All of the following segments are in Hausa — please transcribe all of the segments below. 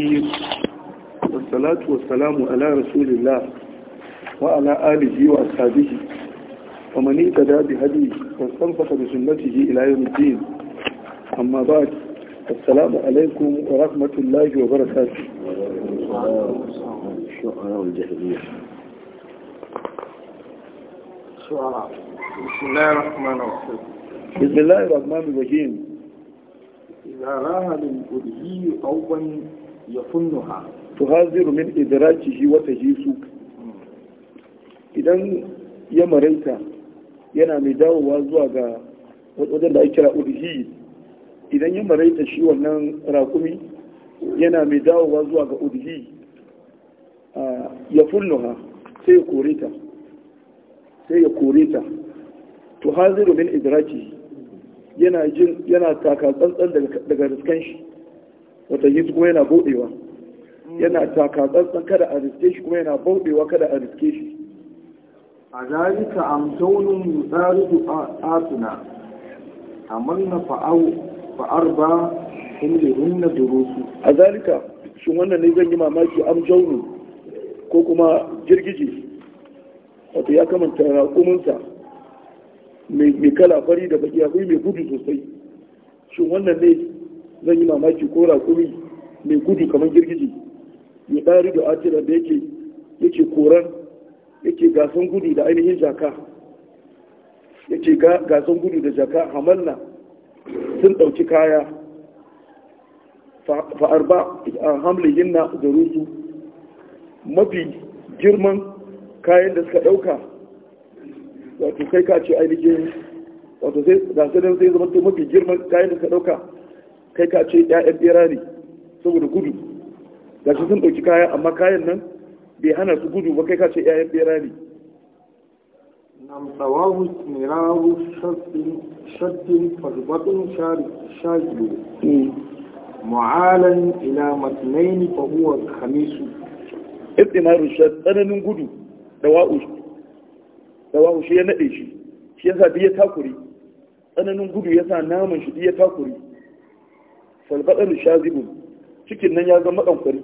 الرحيم والصلاة والسلام على رسول الله وعلى آله وأصحابه ومن اهتدى بهدي واستنفق بسنته إلى يوم الدين أما بعد السلام عليكم ورحمة الله وبركاته شعراء الجهلية شعراء بسم الله الرحمن الرحيم بسم الله الرحمن الرحيم إذا راه للبرهي أولا ya funnuha tuhaziru min shi wata tajisu idan ya maraita yana mai dawowa zuwa ga wajen da ake kira udhi idan ya maraita shi wannan rakumi yana mai dawowa zuwa ga udhi ya funnuha sai ya kore ta sai ya kore ta tuhaziru min idrakihi yana jin yana taka tsantsan daga riskan shi wata yi kuma yana buɗewa yana takatsantsan kada a riske shi kuma yana buɗewa kada a riske shi a zalika amsaunin a atuna a manna fa'ar ba sun da runa durusu a zarika shin wannan ne zan yi mamaki amsaunin, ko kuma jirgiji Wata ya kamanta raƙuminsa mai kala fari da baki akwai mai gudu sosai shin wannan ne zan yi mamaki ko raƙumi mai gudu kamar girgiji mai ɗari da ajiyar da yake yake koran yake gasan gudu da ainihin jaka yake gasan gudu da jaka hamalna sun ɗauki kaya Fa'ar ba a hamlin na da rusu mafi girman kayan da suka ɗauka wato kai ka ce ainihin wato sai gasanin sai zama mafi girman kayan da suka ɗauka kai ka ce 'ya'yan bera ne saboda gudu ga shi sun ɗauki kaya amma kayan nan bai hana su gudu ba kai ka ce ya'yan bera ne nam sawahu mirahu shaddin shaddin fazbatun shajiru mm. mu'alan ila matnaini fa huwa khamisu ibtimaru shadd tsananin gudu da wa'u da wa'u shi ya nade shi shi yasa biya takuri tsananin gudu yasa naman shi biya takuri falbaɗar zibin. cikin nan ya zama ɗankwari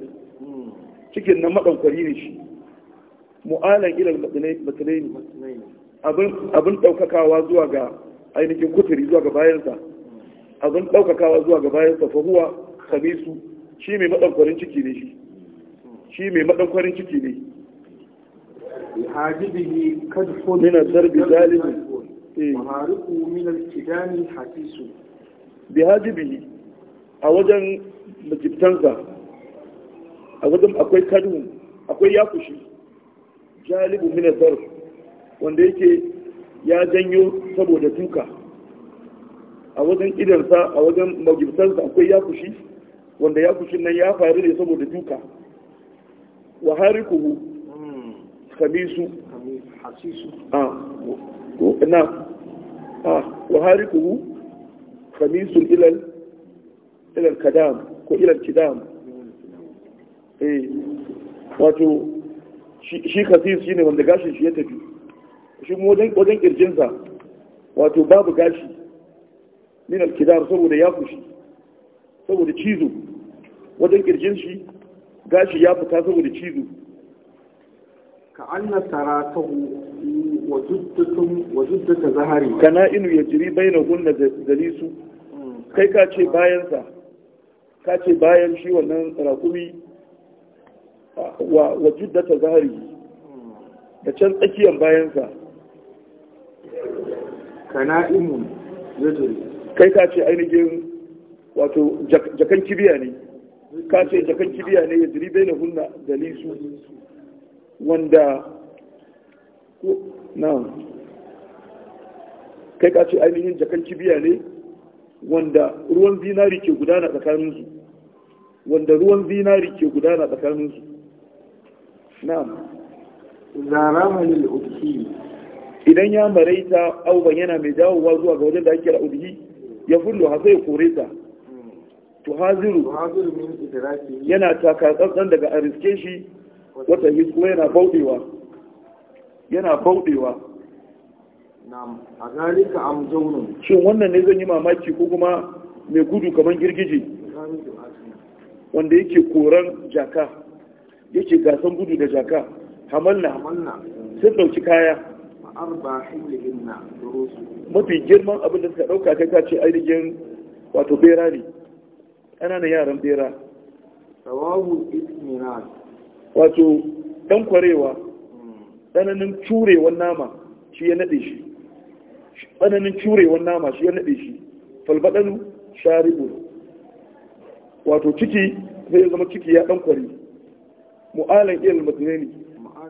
cikin nan maɗankwari ne shi mu'alan ilal matsalai ne abin ɗaukakawa zuwa ga ainihin kuturi zuwa ga bayansa abin ɗaukakawa zuwa ga bayansa fa huwa kamisu shi mai maɗankwarin ciki ne shi shi mai maɗankwarin ciki ne hajibihi kadfun min al zalimi a wajen majibtansa a wajen akwai kadu akwai yakushi jalibu minazar wanda yake ya janyo saboda duka a wajen idansa a wajen majibtansa akwai yakushi wanda yakushin nan ya faru ne saboda duka wa harikuhu khamisu hasisu na ah wa harikuhu ilal ilal kadam ko ilal kidam eh wato shi shi ne wanda gashin shi ya tafi shi wajen wajen kirjinsa wato babu gashi min al kidam saboda ya fushi saboda cizo wajen kirjin shi gashi ya fita saboda cizo ka anna taratahu wa juddatun wa zahari kana inu yajri bainahunna dalisu hmm. kai ka ce bayansa ka ce bayan shi wannan raƙumi wa jiddata zahari da can tsakiyar bayansa kana imun kai ka ce ainihin wato jakan kibiya ne ka ce jakan kibiya ne ya jiri bai na hunna da lisu wanda na kai ka ce ainihin jakan kibiya ne wanda ruwan zinari ke gudana tsakaninsu wanda ruwan zinari ke gudana tsakaninsu na'am zarama lil udhi idan ya maraita auban yana mai dawowa zuwa ga wajen da ake ra'udhi ya fullo ha sai kore ta to haziru yana taka tsantsan daga ariske shi wata his yana baudewa yana bauɗewa a zalika am jaunun shin wannan ne zan yi mamaki ko kuma mai gudu kamar girgije wanda yake koran jaka yake gasan gudu da jaka hamalna sun dauki kaya mafi girman abin da suka dauka kai kace ainihin wato bera ne ƙananan yaran bera sawahu isminan wato dan kwarewa hmm. tsananin curewan nama shi ya nade shi tsananin curewar nama shi ya naɗe shi falbaɗalu sharibu wato ciki sai ya zama ciki ya ɗan kwari mu'alan iya ne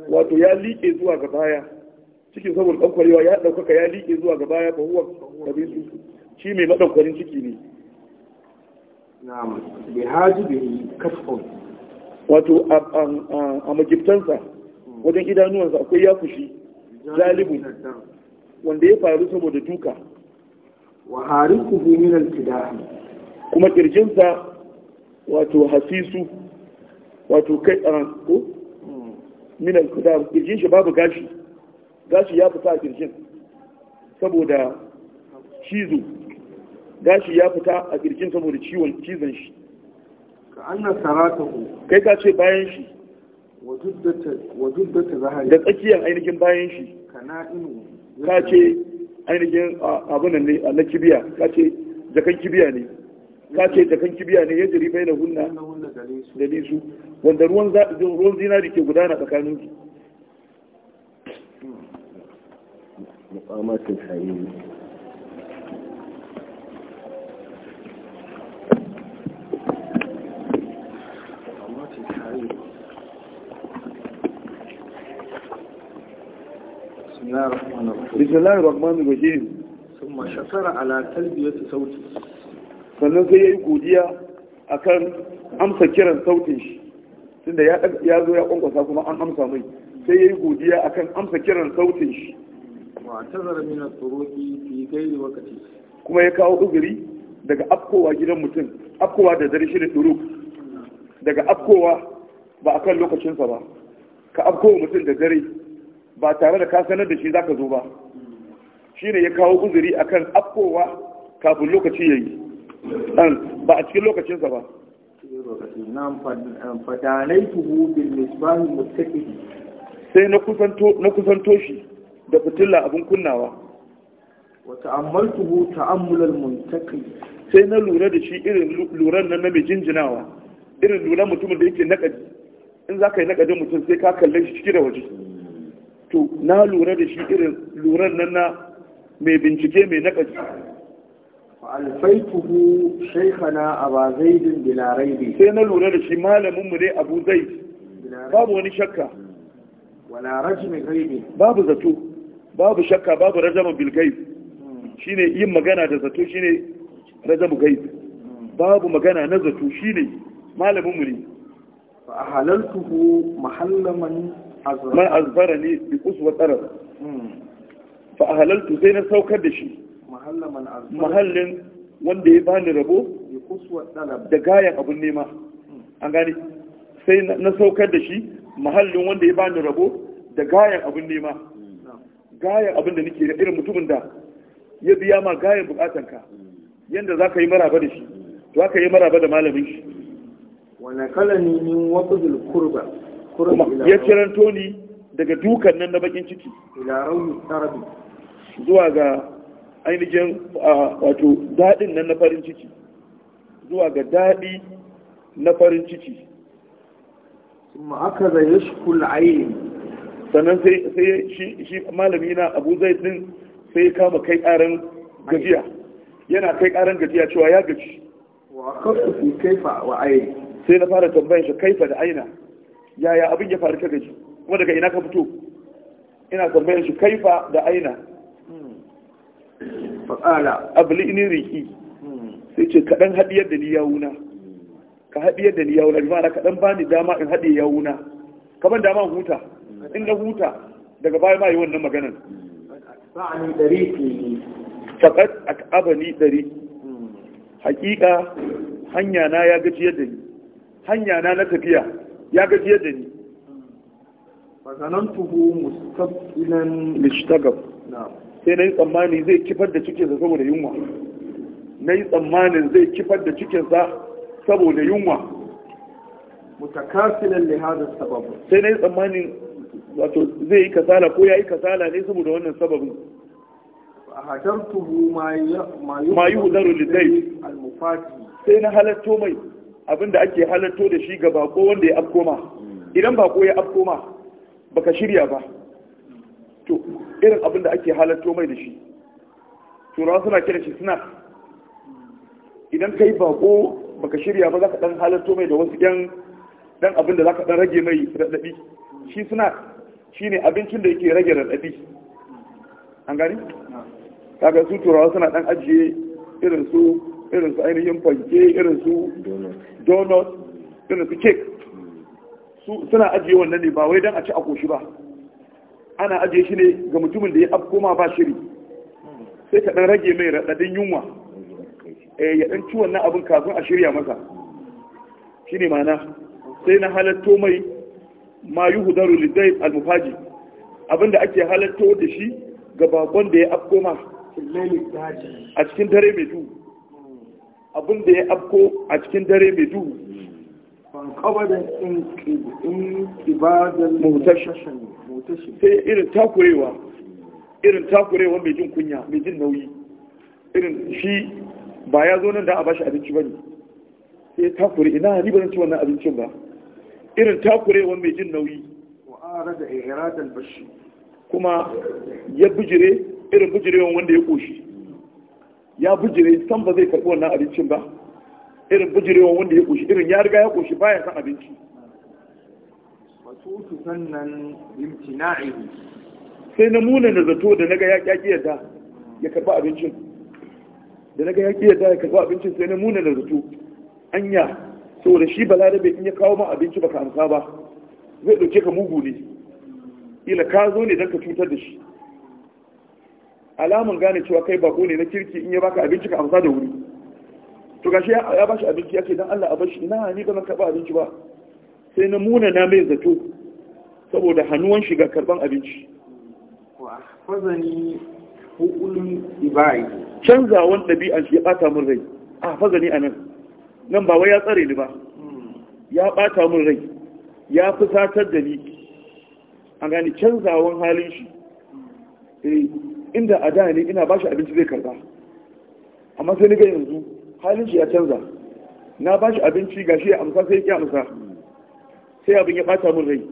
wato ya liƙe zuwa ga baya cikin saboda ɗan kwariwa ya ɗaukaka ya liƙe zuwa ga baya ba huwa su shi mai maɗaukwarin ciki ne haji wato a magibtansa wajen idanuwansa akwai ya wanda ya faru saboda duka wa harikuhu min al-kidah kuma kirjinsa wato hasisu wato kai a ko min al-kidah kirjin shi babu gashi gashi ya fita a kirjin saboda cizo gashi ya fita a kirjin saboda ciwon cizon shi ka anna saratahu kai ka ce bayan shi wa duddata zahari da tsakiyar ainihin bayan shi kana inu ka ce ainihin abunan ne na kibiya ka ce jakan kibiya ne ka ce jakan kibiya ne ya jiri bai da hunna da nisu wanda ruwan zinari ke gudana tsakanin su bismillahir rahmanir rahim summa shakara ala talbiyati sauti sannan sai yayi godiya akan amsa kiran sautin shi tunda ya zo ya kwankwasa kuma an amsa mai sai ya yayi godiya kan amsa kiran sautin shi wa tazara min at-turuqi fi ghairi wakati. kuma ya kawo uzuri daga afkowa gidan mutum afkowa da dare shi da turuk daga afkowa ba a kan lokacinsa ba ka afkowa mutum da dare ba tare da ka sanar da shi za ka zo ba Shi ne ya kawo uzuri akan afkowa kafin lokaci ya yi. ba a cikin lokacinsa ba eh, sai na kusanto shi da fitilla abin kunnawa wata ammaltuhu ta'ammulal muntaqi sai na lura da shi irin luran nan na mai jinjinawa irin luran mutumin da yake nakadi in za ka yi nakadin mutum sai ka kalle shi ciki da waje to na lura da shi irin luran nan na mai bincike mai nakaci alfaituhu shaykhana aba zaidin bila raibi sai na lura da shi malamin mu ne abu zaid babu wani shakka wala rajmi ghaibi babu zato babu shakka babu rajama bil ghaib shine yin magana da zato shine rajamu ghaib babu magana na zato shine malamin mu ne fa ahalaltuhu mahallaman man azbara ni bi uswa tarar fa halaltu sai na saukar da shi mahallin wanda ya bani rabo da gayan abun nema an gani sai na saukar da shi mahallin wanda ya bani rabo da gayan abun nema gayan abun da nake da irin mutumin da ya biya ma gayan bukatanka Yadda za ka yi maraba da shi za ka yi maraba da malamin shi wane kalani min wasu kurba ya ciranto ni daga dukan nan na bakin ciki zuwa ga ainihin wato daɗin nan na farin ciki zuwa ga daɗi na farin ciki ma aka zai shukul ainihin sannan sai shi malami na abu zai din sai kama kai ƙaran gajiya yana kai ƙaran gajiya cewa ya gaji wa kasu fi kaifa wa ainihin sai na fara tambayin shi kaifa da aina yaya abin ya faru kaga shi kuma daga ina ka fito ina tambayar shi kaifa da aina fa'ala abli ni riki sai ce kaɗan haɗiyar da ni yawuna ka haɗiyar da ni yawuna bi ma'ana kaɗan ba ni dama in haɗe yawuna ka ban dama huta in na huta daga baya ma yi wannan maganan sa'ani dariki faqad akabani dari hmm. hakika hanya na ya gaji yadda ni hanya na na tafiya ya gajiyar da ni fazanantuhu mustaqbilan lishtagab sai na yi tsammani zai kifar da cikinsa saboda yunwa na yi tsammani zai kifar da cikinsa saboda yunwa mutakasilan li hada sabab sai na yi tsammani wato zai yi kasala ko ya yi kasala ne saboda wannan sababin hajartuhu ma yuhdaru lidai sai na halatto mai abinda ake halatto da shi ga bako wanda ya afkoma idan bako ya afkoma baka shirya ba to irin abinda ake halatto mai da shi turawa suna kira shi suna idan ka yi bako baka shirya ba za ka dan halatto mai da wasu yan dan abinda ka dan rage mai raɗaɗi shi shi ne abincin da yake rage raɗaɗi an gani kaga su turawa suna dan ajiye irin su irin su ainihin fanke irin su donut irin su cake suna ajiye wannan ne ba wai don a ci a koshi ba ana ajiye shi ne ga mutumin da ya ma ba shiri sai ka ɗan rage mai raɗaɗin yunwa eh, ya ɗan ci wannan abin kafin a shirya masa shi ne mana sai na halatto mai ma yi hudaru lidai almufaji abinda ake halatto da shi ga bakon da ya afko ma a cikin dare mai duhu abin da ya afko a cikin dare mai duhu sai irin takurewa irin takurewa mai jin kunya mai jin nauyi irin shi ba ya zo nan da a bashi abinci ba ne sai takure ina ni ba zan ci wannan abincin ba irin takurewa mai jin nauyi kuma ya bujire irin bujirewa wanda ya koshi ya bujire san ba zai karɓi wannan abincin ba irin bujirewa wanda ya ƙoshi irin ya riga ya ƙoshi baya san abinci wasu sannan imtina'ihi sai na muna na zato da naga ya ƙyaƙi yadda ya karɓi abincin da naga ya ƙi yadda ya karɓi abincin sai na muna na zato anya saboda shi balarabe in ya kawo ma abinci baka amsa ba zai ɗauke ka mugu ne ila ka zo ne don ka cutar da shi alamun gane cewa kai bako ne na kirki in ya baka abinci ka amsa da wuri to gashi ya bashi abinci yake dan Allah a bashi ina ni ba na karba abinci ba sai na muna na mai zato saboda hannuwan shiga karban abinci fazani hukulun ibai canzawan ɗabi'an shi ya ɓata min rai a fazani a nan nan ba wai ya tsare ni ba hmm. ya ɓata min rai ya fusatar da ni a gani canzawan halin shi hmm. eh. inda a da ne ina bashi abinci zai karba amma sai ga yanzu halin shi ya canza na bashi abinci ga shi ya amsa sai ya amsa sai abin ya bata min rai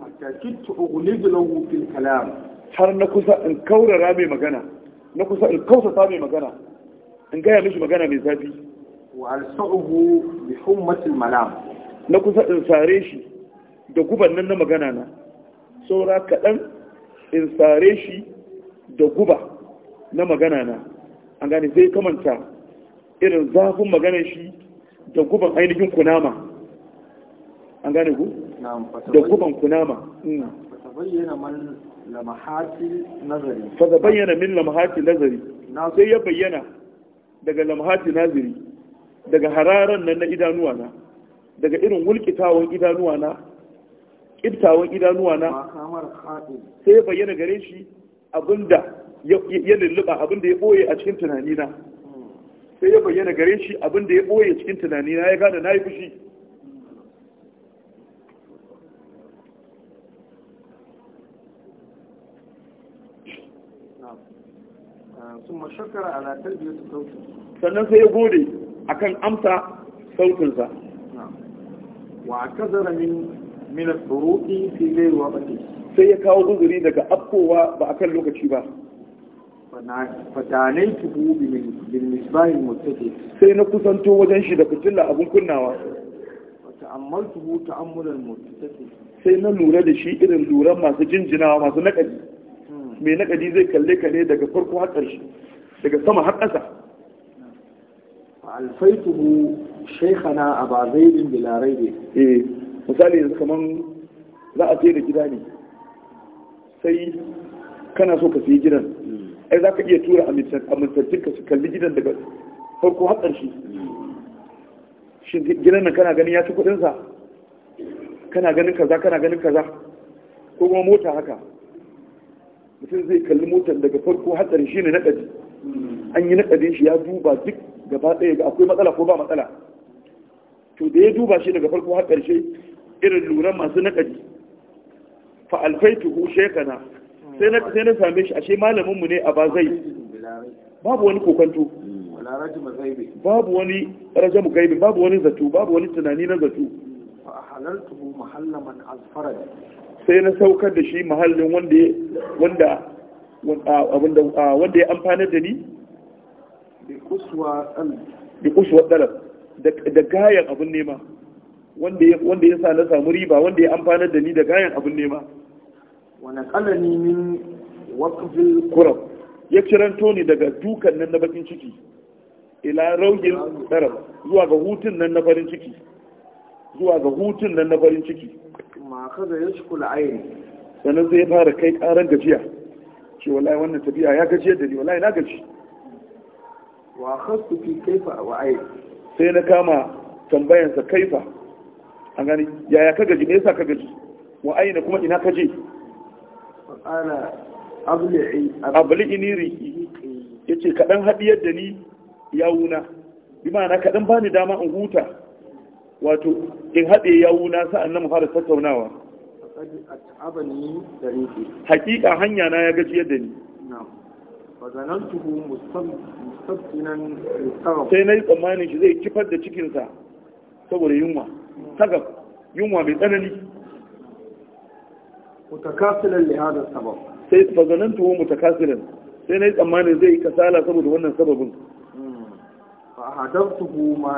har na kusa in kaurara mai magana na kusa in kausasa mai magana in gaya mishi magana mai zafi wa bi hummatil malam na kusa in sare shi da guban nan na magana na saura kaɗan in sare shi da guba na magana na an gane zai kamanta irin zafin maganar shi da guban ainihin kunama an gane ku da guban kunama mm. fata bayyana min lamahati nazari sai ya bayyana daga lamahati nazari daga hararan nan na idanuwa na daga irin wulkitawan idanuwa na ƙiftawan idanuwa na sai ya bayyana gare shi abinda ya lulluɓa abinda ya ɓoye a cikin tunanina sai ya bayyana gare shi abinda ya ɓoye cikin tunanina ya gane na yi fushi ah, sannan sai ya gode a kan amsa sautinsa wa kazara min min al-furuqi fi ghayri waqti sai ya kawo guzuri daga afkowa ba a kan lokaci ba fadanai tubu bin misbahin mutake sai na kusanto wajen shi da fitilla abin kunnawa Wata ta'ammaltuhu ta'ammulan mutake sai na lura da shi irin luran masu jinjinawa masu nakadi hmm. mai nakadi zai kalle ka ne daga farko har ƙarshe daga sama har ƙasa alfaituhu shaykhana aba zaidin bila ne. eh misali yanzu kaman za a ce da gida ne sai kana so ka sayi gidan ai za ka iya tura amintattunka su kalli gidan daga farko haɗar shi shi gidan nan kana ganin ya ci kuɗinsa kana ganin kaza kana ganin kaza ko kuma mota haka mutum zai kalli motar daga farko hatsari shi ne naɗaɗi an yi naɗaɗin shi ya duba duk gaba ɗaya ga akwai matsala ko ba matsala to da ya duba shi daga farko haɗar shi irin lura masu naƙaɗi fa ko shekana sai na sai na same shi ashe malamin mu ne a bazai babu wani kokanto babu wani rajam gaibi babu wani zato babu wani tunani na zato muhallaman azfarad sai na saukar da shi mahallin wanda wanda wanda ya amfana da ni da kusuwa dala, da gayan abin nema wanda ya sa na samu riba wanda ya amfana da ni da gayan abin nema wani kalani min wakfil kurab ya kiranto ni daga dukan nan na bakin ciki ila raugin tsarab zuwa ga hutun nan na farin ciki zuwa ga hutun nan na farin ciki ma kaza ya shi kula ayin sannan zai fara kai karan gajiya ce wallahi wannan tafiya ya gajiyar da ni wallahi na gaji wa khastu fi kaifa wa ayin sai na kama tambayansa kaifa an gani yaya ka gaji me yasa ka gaji wa aina kuma ina ka je ala abli'ini riki yace kadan hadiyar da ni yawuna Imana kaɗan kadan bani dama in huta wato in hade yawuna sa'an mu fara tattaunawa hakika hanya na ya gajiyar da ni sai na yi tsammanin shi zai kifar da cikinsa saboda yunwa tagab yunwa mai tsanani mutakasilan li hada sabab sai fazanantu mutakasilan sai na yi tsammanin zai yi kasala saboda wannan sababin fahadabtuhu ma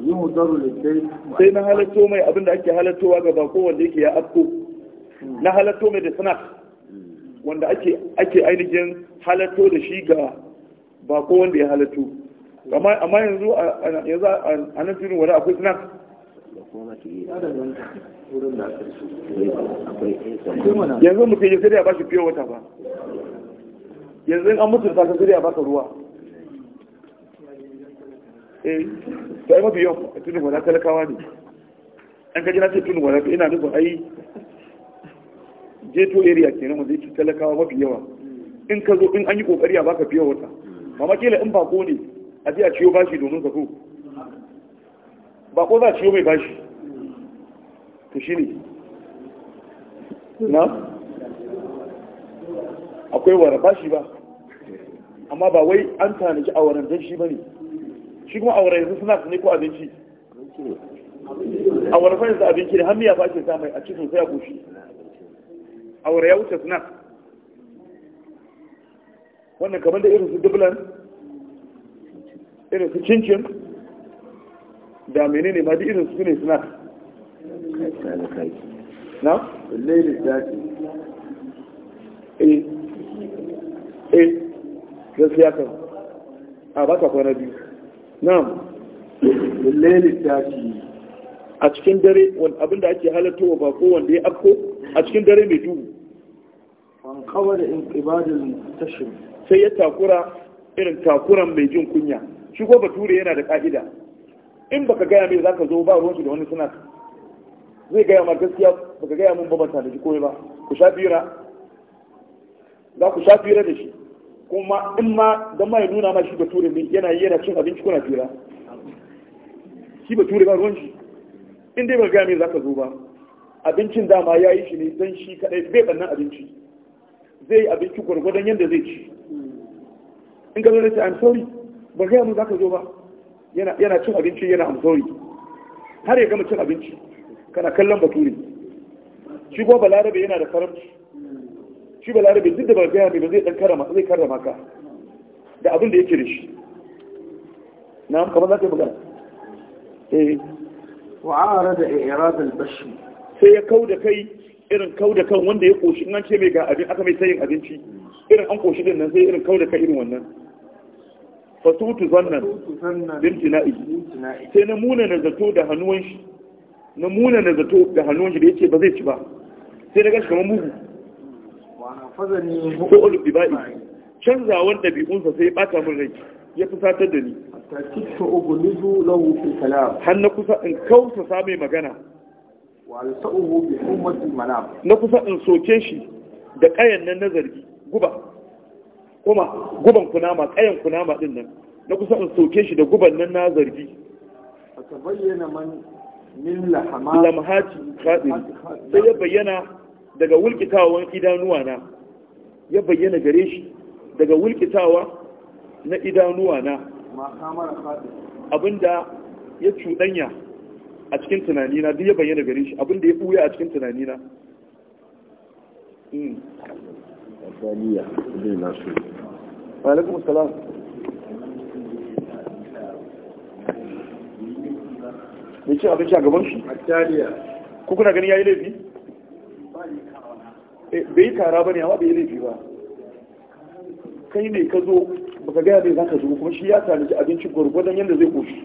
yuhdaru lidai sai na halatto mai abin da ake halattowa ga bako wanda yake ya afko hmm. na halatto mai da snack hmm. wanda ake ake ainihin halatto da shi ga bako wanda ya halatto amma amma yanzu a yanzu nan filin wani akwai snack yanzu mutum ya sai da ya bashi fiye wata ba yanzu an mutu da sai da ya ka ruwa eh sai mafi yau tunin wala talakawa ne an kaji na ce tunin wala ina nufin ai jeto area nan wanda yake talakawa mafi yawa in ka zo in an yi kokari a baka fiye wata mama kila in bako ne a je a ciyo bashi domin ka so bako za a ciyo mai bashi to shi ne na akwai wara ba shi ba amma ba wai an tanaki a wurin don shi ba ne shi kuma a waran yanzu suna su ne ko abinci a waran fa yanzu abinci ne hannu ya fa ake samai a cikin sai a goshi a ya wuce suna wannan kamar da irin su Dublan, irin su cincin da menene ma duk irin su ne suna na? lailin daji eh eh gaskiya kan a baka kwana biyu na lailin daji a cikin dare abinda ake halattowa wa bako wanda ya afko a cikin dare mai duhu an kawar da ibadin tashin sai ya takura irin takuran mai jin kunya shi ko bature yana da ka'ida in baka gaya mai zaka zo ba ruwansu da wani suna zai gaya ma gaskiya ba ka gaya mun ba da shi komai ba ku sha fira za ku sha fira da shi kuma in ma don ma ya nuna ma shi bature ne yana yana cin abinci kuna fira shi bature ba ruwan shi in dai ba gaya min za ka zo ba abincin dama ya yi shi ne don shi kadai bai bannan abinci zai abinci gwargwadon yadda zai ci in ga zai ce i'm sorry ba gaya mun za ka zo ba yana cin abinci yana i'm sorry har ya gama cin abinci kana kallon bature shi kuma balarabe yana da karamci shi balarabe duk da ba gaya mai ba zai dan karama zai karama ka da abin da yake da shi na kamar za ka yi magana eh wa'ara da i'rad al-bashi sai ya kauda kai irin kauda kan wanda ya koshi in an ce mai ga abin aka mai sayin abinci irin an koshi din nan sai irin kauda kai irin wannan fasutu zannan bintina'i sai na muna na zato da hannuwan shi na munan da zato da hannun shi da yake ba zai ci ba sai daga shi kamar mugu ko olubi ba'i Canza wanda biyunsa sai ya ɓata min rai ya fi satar da ni takitta har na kusa in kausa same magana wa na kusa in soke shi da ƙayan nan na zargi guba kuma guban kunama ƙayan kunama din nan na kusa in soke shi da guban nan na zargi ta bayyana lamhaji khadir sai ya bayyana daga wulkitawan idanuwa na ya bayyana gare shi daga wulkitawa na idanuwa na abinda ya cuɗanya a cikin tunanina duk ya bayyana gare shi abinda ya ɓuya a cikin tunanina hmm. Wa mai cin abinci a gaban shi ko kuna ganin ya yi laifi eh, bai yi kara ba ne amma bai yi laifi ba kai ne ka zo baka gaya bai za ka zo kuma shi ya tanaji abinci gwargwadon yadda zai koshi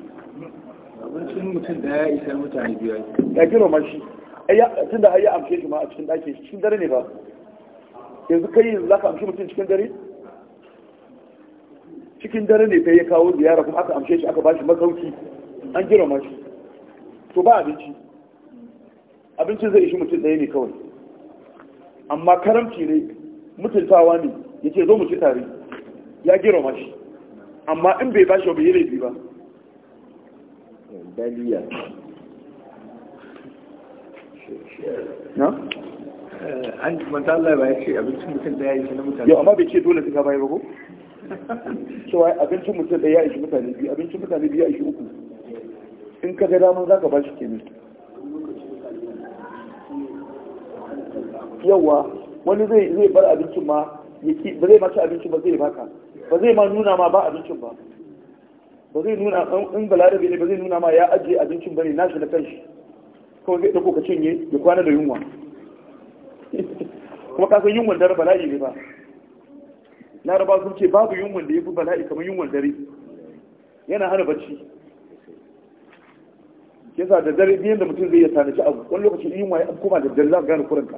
abincin mutum da ya isa mutane biyar ya kira ma shi tun da ya amshe shi ma a cikin ɗaki cikin dare ne ba yanzu kai yanzu za ka amshi mutum cikin dare cikin dare ne kai ya kawo ziyara kuma aka amshe shi aka ba shi makauki an girma shi to ba abinci abincin zai ishi mutum ɗaya ne kawai amma karamci ne mutuntawa ne ya ce zo mu ci tare ya gero mashi amma in bai ba shi bai yi laifi ba daliya na? Eh, an manta Allah ba ya ce abincin mutum ɗaya ya ishi na mutane yau amma bai ce dole suka bayar ba ko? cewa abincin mutum ɗaya ya ishi mutane biyu abincin mutane biyu ya ishi uku in ka ga damar za ka ba shi kenan yawa wani zai bar abincin ma ba zai mace abincin ba zai baka ba zai ma nuna ma ba abincin ba ba zai nuna in balarabe ne ba zai nuna ma ya ajiye abincin ba ne shi da kanshi kawai zai ɗauko ka cinye ya kwana da yunwa kuma kasan yunwan dare bala'i ne ba laraba sun ce babu yunwan da ya fi bala'i kamar yunwan dare yana hana bacci yasa da dare biyan da mutum zai ya tanaji abu wani lokaci yin waye an koma da dare za ka gane kuranka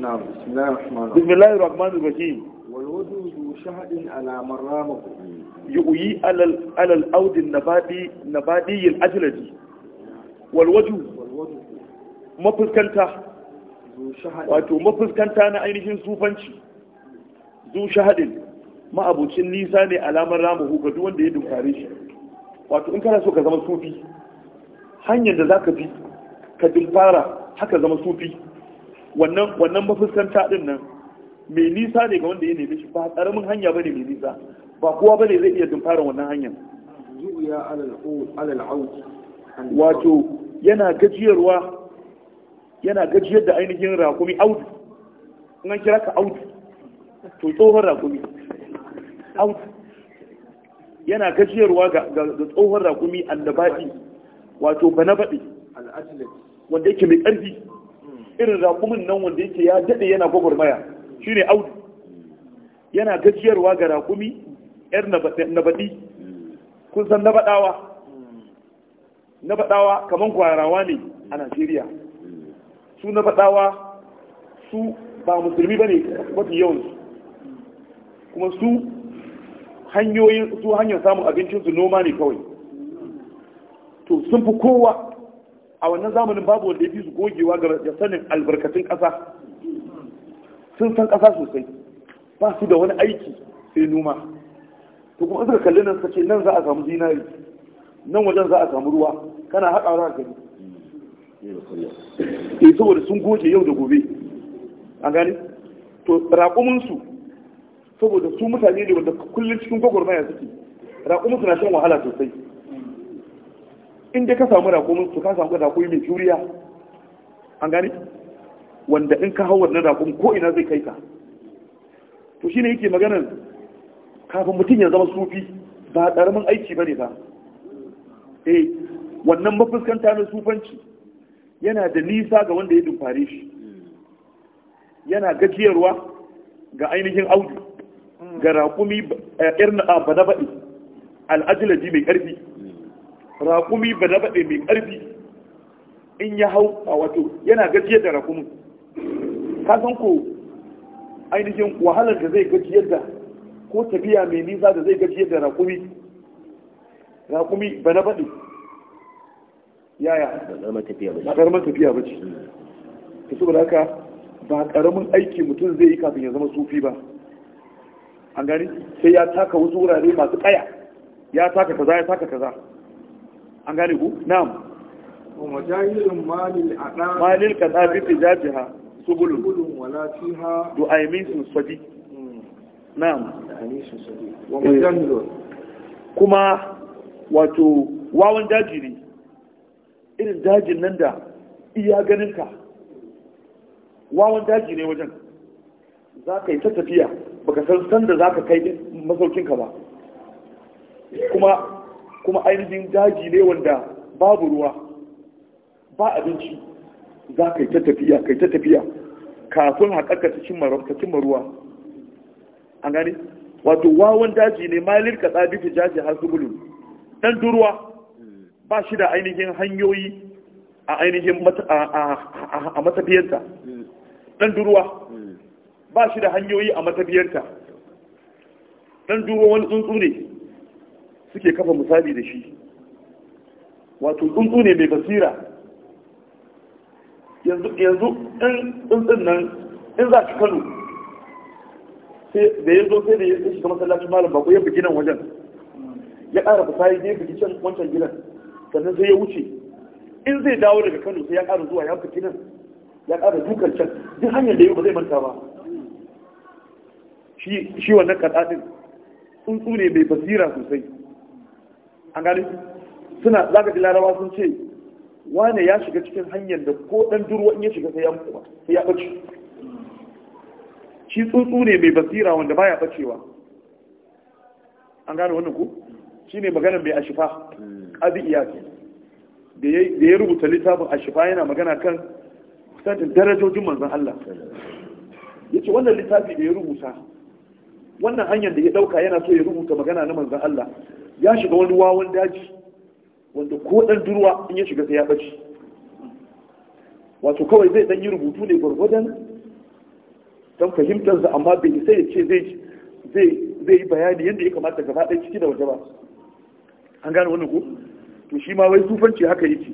na'am bismillahir rahmanir rahim wal wudu shahadin ala maramahu yu'yi alal alal audin nabadi nabadiyil ajlaji wal wajhu mafuskanta wato mafuskanta na ainihin sufanci zu shahadin ma'abucin nisa ne alamar ramuhu ga duk wanda ya dunkare shi wato in kana so ka zama sufi hanyar da za ka bi ka dilfara haka zama sufi wannan wannan mafuskanta nan mai nisa ne ga wanda ya nemi shi ba ƙaramin hanya bane mai nisa ba kowa bane zai iya dilfara wannan hanyar wato yana gajiyarwa yana gajiyar da ainihin rakumi audu in an kira ka audu to tsohon rakumi audu yana gajiyarwa ga tsohon rakumi annabaɗi wato bana baɗi wanda yake mai ƙarfi irin rakumin nan wanda yake ya daɗe yana gwagwarmaya shi ne audu yana gajiyarwa ga rakumi yar nabaɗi kun san nabaɗawa nabaɗawa kamar kwarawa ne a najeriya su nabaɗawa su ba musulmi ba ne mafi yawansu kuma su hanyoyin su hanyar samun abincinsu noma ne kawai to sun fi kowa a wannan zamanin babu wanda ya fi su gogewa ga sanin albarkatun ƙasa sun san ƙasa sosai ba su da wani aiki sai noma to kuma suka kalli nan suka ce nan za a samu zinari nan wajen za a samu ruwa kana haƙa wa gari eh saboda sun goge yau da gobe an gane to su saboda su mutane ne wanda kullum cikin gwagwarmaya suke raƙumin suna shan wahala sosai in ka samu raƙumin su ka samu raƙumi mai juriya an gane wanda in ka hau wannan raƙumin ko ina zai kai ka to shine yake maganar kafin mutum ya zama sufi ba ƙaramin aiki ba ne ba eh wannan mafuskanta na sufanci yana da nisa ga wanda ya dumfare shi yana gajiyarwa ga ainihin audu ga raƙumi eh, irin ah, ba na baɗi al'ajilaji mai ƙarfi raƙumi ba na baɗe mai ƙarfi in ya hau a wato yana gajiyar da raƙumin ka san ko ainihin wahalar da zai gajiyar da ko tafiya mai nisa da zai gajiyar da raƙumi raƙumi ba na baɗe yaya ba ƙarmar tafiya ba ce ta hmm. saboda haka ba ƙaramin aiki mutum zai yi kafin ya zama sufi ba a gari sai ya taka wasu wurare masu kaya ya taka kaza ya taka kaza an gane ku na'am wa majahilun malil ada malil kaza bi tijajiha subulun wala fiha du'aymin sadi hmm. na'am wa eh. majahilun kuma wato wawan daji ne irin dajin nan da iya ganinka wawan daji ne wajen za ka yi ta tafiya baka san sanda za ka kai masaukinka ba kuma kuma ainihin daji ne wanda babu ruwa ba abinci za ka yi ta tafiya ka yi ta tafiya kafin haƙaƙa cikin cimma ruwa an gani wato wawan daji ne malir ka tsabi ta jaji har su gudu. ɗan duruwa ba shi da ainihin hanyoyi a ainihin a matafiyarsa ɗan hmm. duruwa hmm. ba shi da hanyoyi a matabiyarta dan duro wani tsuntsu ne suke kafa misali da shi wato tsuntsu ne mai basira yanzu in tsuntsun nan in za su kano da ya zo sai da ya shiga masallacin malam bako ya bugi nan wajen ya ƙara fasari da ya bugi can wancan gidan sannan sai ya wuce in zai dawo daga kano sai ya ƙara zuwa ya bugi nan ya ƙara dukan can duk hanyar da yau ba zai manta ba shi wannan kad'adin? tsuntsu ne mai basira sosai an gani suna za ji larawa sun ce wane ya shiga cikin hanyar da ko ɗan durwa in ya shiga sai ya ɓace shi tsuntsu ne mai basira wanda baya ɓacewa an gane wannan ku shi ne maganar mai ashifa ƙazi iyaki da ya rubuta littafin ashifa yana magana kan kusantin darajojin manzan Allah ya ce wannan littafi da ya rubuta wannan hanyar da ya dauka yana so ya rubuta magana na manzan Allah ya shiga wani wawan daji wanda ko dan durwa in ya shiga sai ya bace wato kawai zai dan yi rubutu ne gurgudan don fahimtar sa amma bai sai ya ce zai zai zai yi bayani yadda ya kamata gaba ɗaya ciki da waje ba an gane wannan ko to shi ma wai sufanci haka yake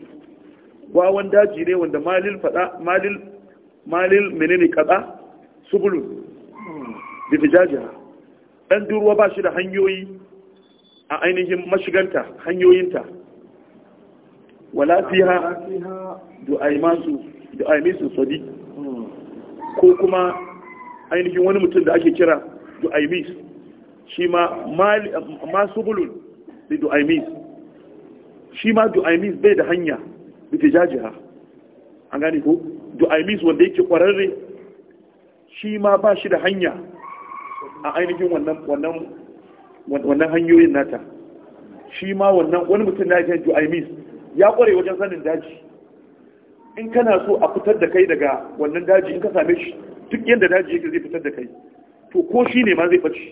wawan daji ne wanda malil fada malil malil menene kaza subulun bitijajiya ɗan durwa ba shi da hanyoyi a ainihin mashiganta hanyoyinta wala fiha du'aimasu du'aimisu sadi ko kuma ainihin wani mutum da ake kira du'aimis shi ma masubulun da du'aimis shi ma du'aimis bai da hanya bita jajiha an gani ko du'aimis wanda yake kwararre shi ma ba shi da hanya a ainihin wannan hanyoyin nata shi ma wannan wani mutum na yake ju'aimis ya kware wajen sanin daji in kana so a fitar da kai daga wannan daji in ka same shi duk yadda daji yake zai fitar da kai to ko shi ne ma zai ɓaci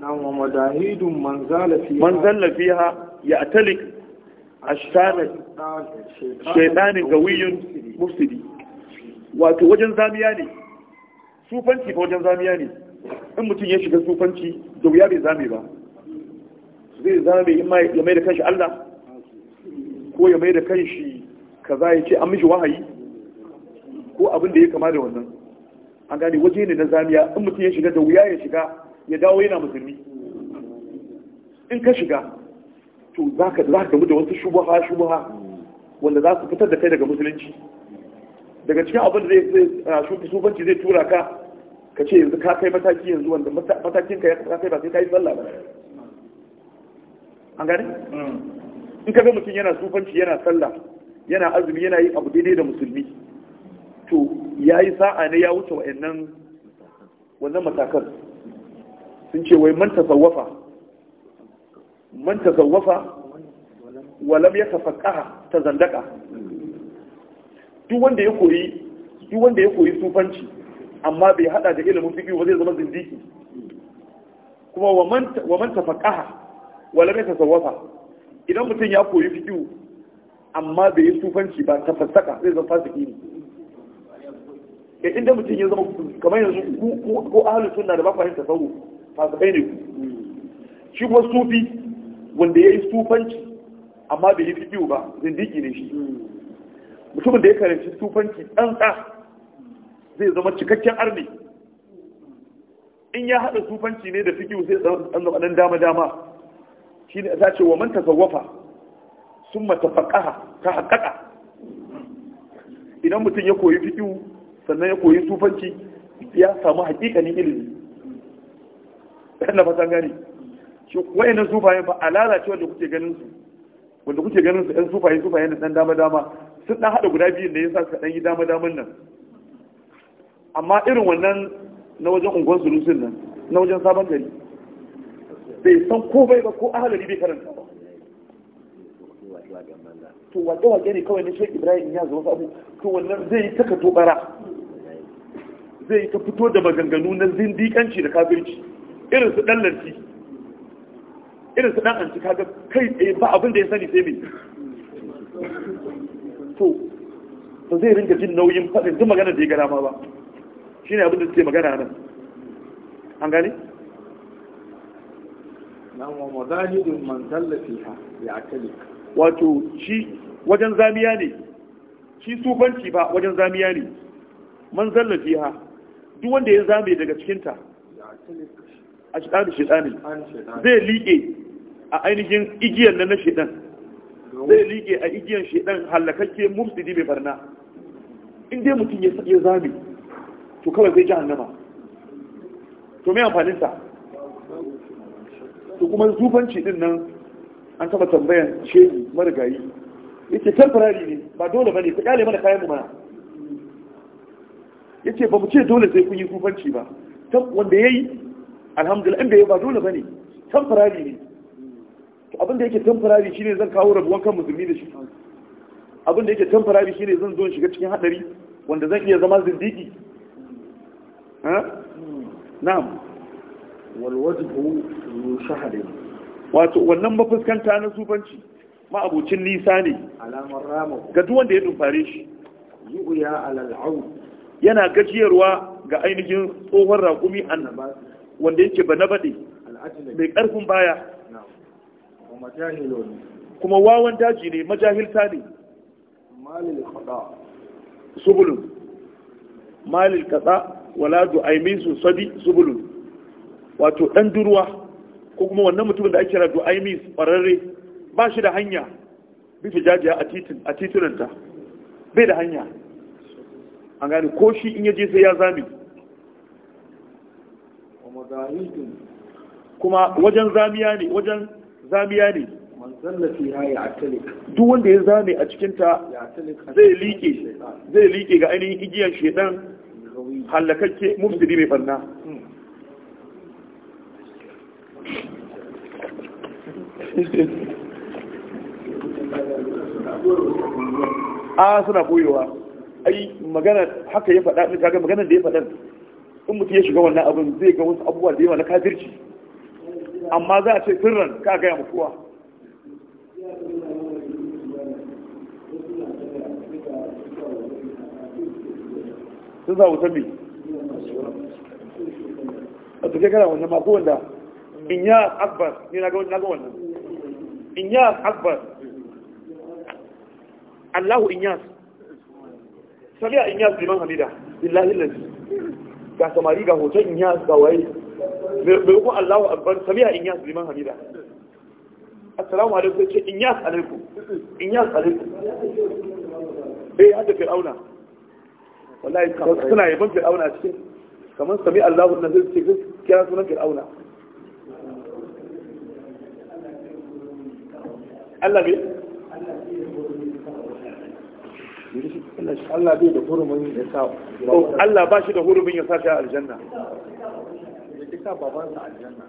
nawa madahidun manzala fiha ya atalik ashtanar shaidanin gawiyun mufsidi wato wajen zamiya ne sufanci ba wajen zamiya ne in mutum ya shiga sufanci da wuya bai zame ba zai zame ya mai da kanshi Allah ko ya mai da kanshi kaza ya ce an mishi wahayi ko abin da ya kama da wannan an gane waje ne na zamiya in mutum ya shiga da wuya ya shiga ya dawo yana musulmi in ka shiga to za ka gamu da wasu shubaha shubaha wanda za su fitar da kai daga musulunci daga cikin abin da zai sufanci zai tura ka ka ce yanzu ka kai mataki yanzu wanda matakin ka ya kai ba sai ka yi sallah ba an gane mm. in ka ga mutum yana sufanci yana sallah yana azumi yana yi abu daidai da musulmi to ya yi sa'a ne ya wuce wa'annan wannan matakan sun ce wai man tasawwafa man tasawwafa walam ya tafaqqaha ta zandaka duk wanda ya koyi duk wanda ya koyi sufanci amma bai hada da ilimin fiqh ba zai zama zindiki kuma wa man wa man tafaqaha wa lam yatasawwafa idan mutum ya koyi fiqh amma bai yi sufanci ba tafassaka zai zama fasiki ne Ke eh, inda mutum ya zama kamar yanzu ko ko ahlus sunna da ba ku tasawuf fasikai ne ku shi kuma sufi wanda ya yi sufanci amma bai yi fiqh ba zindiki ne shi hmm. mutumin da ya karanci sufanci ɗan ɗan. zai zama cikakken arni in ya haɗa sufanci ne da fikiyu sai zama nan dama-dama shi ne ta ce wa man tasawwafa sun matafaƙaha ta haƙaƙa idan mutum ya koyi fikiyu sannan ya koyi sufanci ya samu haƙiƙanin ilimi na fatan gani shi nan sufaye ba a lalace wanda kuke ganin su wanda kuke ganin su ɗan sufaye sufaye na ɗan dama-dama sun ɗan haɗa guda biyun da ya sa ka ɗan yi dama-daman nan amma irin wannan na wajen unguwar sulusun nan na wajen sabon gari bai san ko bai ba ko ahalari bai karanta ba to wake wake ne kawai na shek ibrahim ya zama sabu to wannan zai yi ta kato bara zai ta fito da maganganu na zindikanci da kafirci irin su dan lanti irin su dan anti kaga kai tsaye ba abin da ya sani sai mai to ba zai ringa jin nauyin faɗin duk maganar da ya gara ma ba shi ne abinda suke magana nan an gani? nan wa mazahidun man tallafi ha ya akalik wato shi wajen zamiya ne shi sufanci ba wajen zamiya ne man zallafi ha duk wanda ya zame daga cikinta a shiɗani shiɗani zai liƙe a ainihin igiyar nan na shiɗan zai liƙe a igiyar shiɗan hallakakke mursidi mai barna in dai mutum ya zame to kawai sai nama, to me amfanin sa to kuma zufanci din nan an taba tambayan shehi marigayi yace temporary ne ba dole bane ku kyale mana kayan mu mana yace ba mu ce dole sai kun yi zufanci ba wanda yayi alhamdulillah in bai ba dole bane temporary ne to abin da yake temporary shine zan kawo rabuwan kan musulmi da shi abin da yake temporary shine zan zo shiga cikin hadari wanda zan iya zama zindiki na'am walwajhu shahadin wato wannan mafuskanta na zubanci ma'abucin nisa ne alamar rama ga duk wanda ya dumfare shi alal yana gajiyarwa ga ainihin tsohon raƙumi annaba wanda yake na bade mai ƙarfin baya kuma wawan daji ne majahilta ne malil kada subulun malil kada wala du'aimin su sabi subulun wato dan durwa ko kuma wannan mutumin da ake kira du'aimin kwararre ba shi da hanya bi jajiya a titin a titunanta bai da hanya an gane ko shi in yaje sai ya zame kuma wajen zamiya ne wajen zamiya ne duk wanda ya zame a cikinta zai liƙe ga ainihin igiyar shedan halakakke mufsidi mai banna a suna koyewa ai magana haka ya faɗa kaga maganar da ya faɗa in mutum ya shiga wannan abin zai ga wasu abubuwa da yawa na kafirci amma za a ce sirran ka gaya ma kowa sun sa wutan bi a su kana wannan ma ko wanda in ya akbar ne na ga wannan in ya akbar allahu in ya sami in ya liman hamida illahi lalzi ga samari ga hoton in ya ga waye mai hukun allahu akbar sami in ya liman hamida assalamu alaikum ce in ya alaikum in ya alaikum eh hada fir'auna wallahi kamar suna yaban fir'auna cikin kamar sami Allahu na zai cikin kira sunan fir'auna Allah bai Allah bai da hurumin ya sa Allah ba shi da hurumin ya sa shi aljanna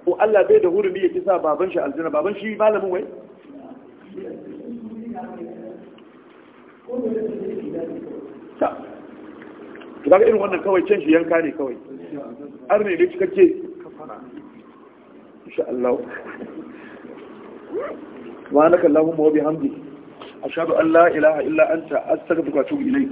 ko Allah bai da hurumi ya kisa baban shi aljanna baban shi malamin wai ta zaka irin wannan kawai can shi yanka ne kawai har ne ne cikakke insha Allah wa anaka Allahumma wa bihamdi ashhadu an la ilaha illa anta astaghfiruka wa atubu ilayk